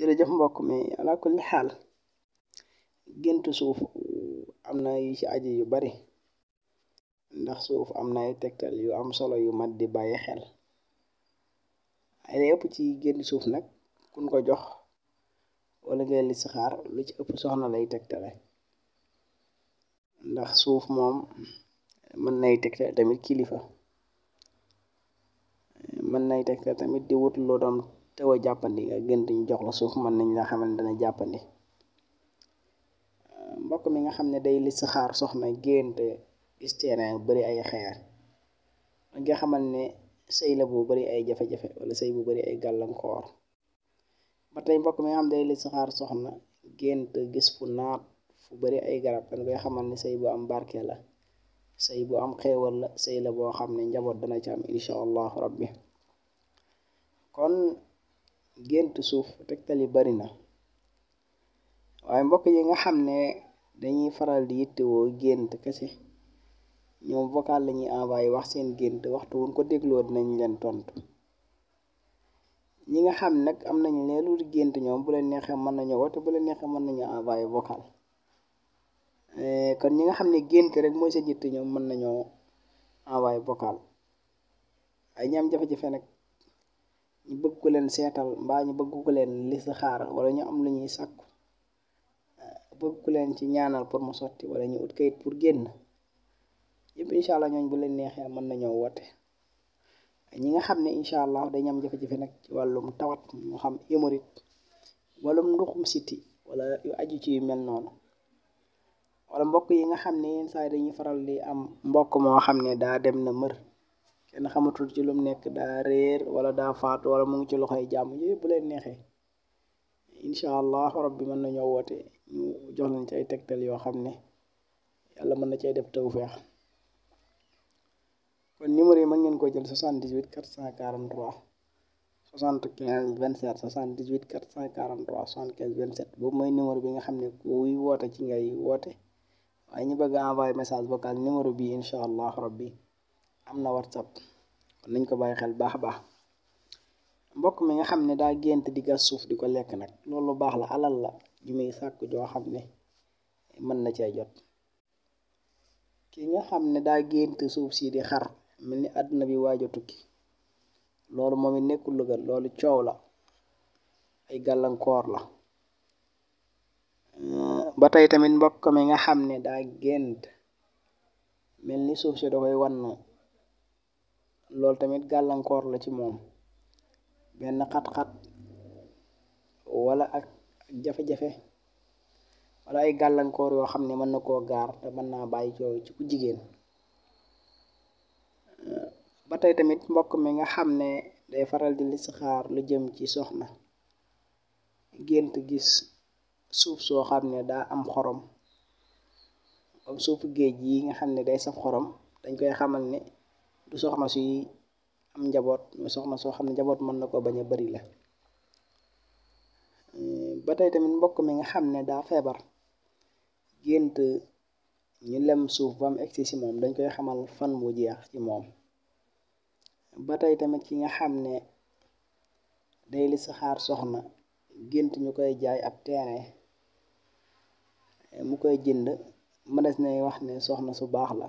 jërëjëf mbokk mi ala kulli xaal géntu suuf am na yu ci aji yu bari ndax suuf am na ay tegtal yu am solo yu mat di bàyyi xel ay ëpp ci gént suuf nag kun ko jox wala ngay li saxaar lu ci ëpp soxna lay tegtale ndax suuf moom mën nay tegtal tamit kilifa mën nay tegtal tamit di wut loo doom teewoo jàppandi nga gént ñu jox la suuf mën nañ la xamal dana jàppandi euh, mbokk mi nga xam ne day listixaar soxna gént gis terrain bari ay xeer nga xamal ne sëy bu bari ay jafe wala sëy bu bari ay gàllankoor ba mbokk mi nga xam ne day listixaar soxna gént gis fu naat fu bari ay garab dañ koy xamal ne sëy bu am barke la sëy bu am xéewal la sëy la boo xam ne njaboot dana ci am incha allahu rabbi kon gént suuf teg tali bari na waaye mbokk yi nga xam ne dañuy faral di yittewoo gént kese ñoom vocal lañuy envoyé wax seen gént waxtu wuñ ko dégloo dinañ leen tontu ñi nga xam nag am nañu lee lu gént ñoom bu leen neexee mën nañu woote bu neexee mën nañu envoyé vocal eh, kon ñi nga xam ne gént rek mooy seen yitte ñoom mën nañoo envoyé vocal ay ñam am jafe-jafe nag. ñu bëgg ko leen seetal mbaa ñu bëgg ko leen li listixaar wala ñu am lu ñuy sàkku eh, bëgg ku leen ci ñaanal pour mu sotti wala ñu kayit pour génn yëpp incha ñooñ bu leen neexee mën nañoo woote ñi nga xam ne incha allah dañu am jafe-jafe nag ci wàllum tawat mu xam hémorroïde wala nduxum siti wala yu aju ci yu mel noonu wala mbokk yi nga xam ne yenn saa dañuy faral di am mbokk moo xam ne daa dem na mër kenn xamatul ci lu mu nekk daa réer wala daa faatu wala mu ngi ci loxo loxoy jàmm yooyu bu leen neexee incha allah rabbi mën nañoo woote ñu jox leen ci ay tegtal yoo xam ne yàlla mën na cay def tawfeex kon numéro yi mën ngeen ko jël 78 443 75 27 78 443 75 27 boobu mooy numéro bi nga xam ne kuy woote ci ngay woote waaye ñu bëgg a envoyé message vocal numéro bi incha allah rabbi amna na whatsapp kon nañ ko baye xel bax bax mbokk mi nga xamne da daa di gas suuf diko lek nak lolu bax la alal la ju may sakku joo xamne man na ci jot ki nga xamne da daa suuf si di xar melni aduna bi wajjo tukki lolu momi it nekkul lu gën loolu la ay gàllankoor la ba tay tamit mbokk mi nga xamne da daa melni suuf ci da koy loolu tamit gàllankoor la ci moom benn xat-xat wala ak jafe-jafe wala ay gàllankoor yoo xam ne mën na koo gaar te mën naa bàyyi coow ci ku jigéen ba tey tamit mbokk mi nga xam ne day faral di listixaar lu jëm ci soxna gént gis suuf soo xam ne daa am xorom comme suufu géej yi nga xam ne day saf xorom dañ koy xamal ne du soxna si am njaboot mais soxna soo xam ne njaboot mën na ko bañ a bari la eh, ba tey tamit mbokk mi nga xam ne daa feebar gént ñu lem suuf ba mu egsi si moom dañ koy xamal fan bu jeex ci moom ba tey tamit ki nga xam ne day li saxaar soxna gént ñu koy jaay ab terrain eh, mu koy jënd mënees na wax ne soxna su baax la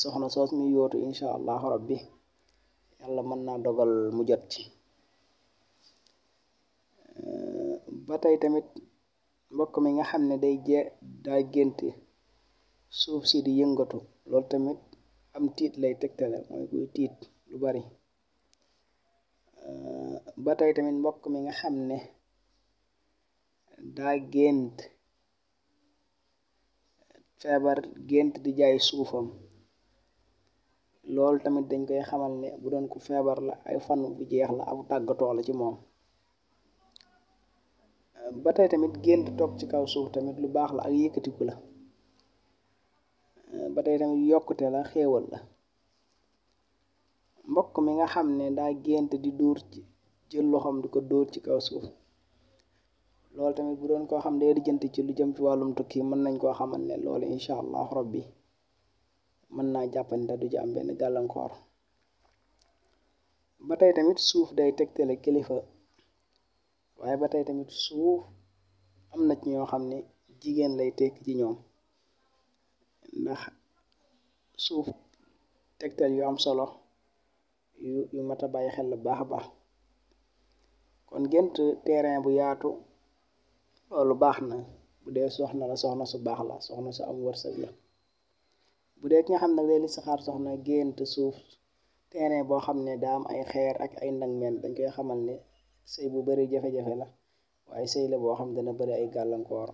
soxna soos mi yootu incha allahu rabbi yàlla mën naa dogal mu jot ci eh, ba tey tamit mbokk mi nga xam ne day je daa suuf si di yëngatu loolu tamit am tiit lay tegtale tiit lu bari eh, ba tey tamit mbokk mi nga xam ne daa gént feebar gént di jaay suufam lool tamit dañ koy xamal ne bu doon ku feebar la ay fan bu jeex la aw tàggatoo la ci moom ba tey tamit gént toog ci kaw suuf tamit lu baax la ak yëkkatiku la ba tey tamit yokkute la xéewal la mbokk mi nga xam ne daa gént di dóor ci jël loxoom di ko dóor ci kaw suuf loolu tamit bu doon koo xam day lijjanti ci lu jëm ci wàllum tukki mën nañ koo xamal ne loolu incha allah rabbi naa jàppandi da du ci am benn gàllankoor ba tamit suuf day tegtale kilifa waaye ba tamit suuf am na ci ñoo xam ne jigéen lay tekk ci ñoom ndax suuf tegtal yu am solo yu yu mata a bàyyi xel baax baax kon gént terrain bu yaatu loolu baax na bu dee soxna la soxna su baax la soxna su am wërsëg la bu dee ki nga xam ne day listixaar soxna gént suuf terrain boo xam ne daa am ay xeer ak ay ndangmeen dañ koy xamal ne sëy bu bari jafe-jafe la waaye sëy la boo xam dana bari ay gàllankoor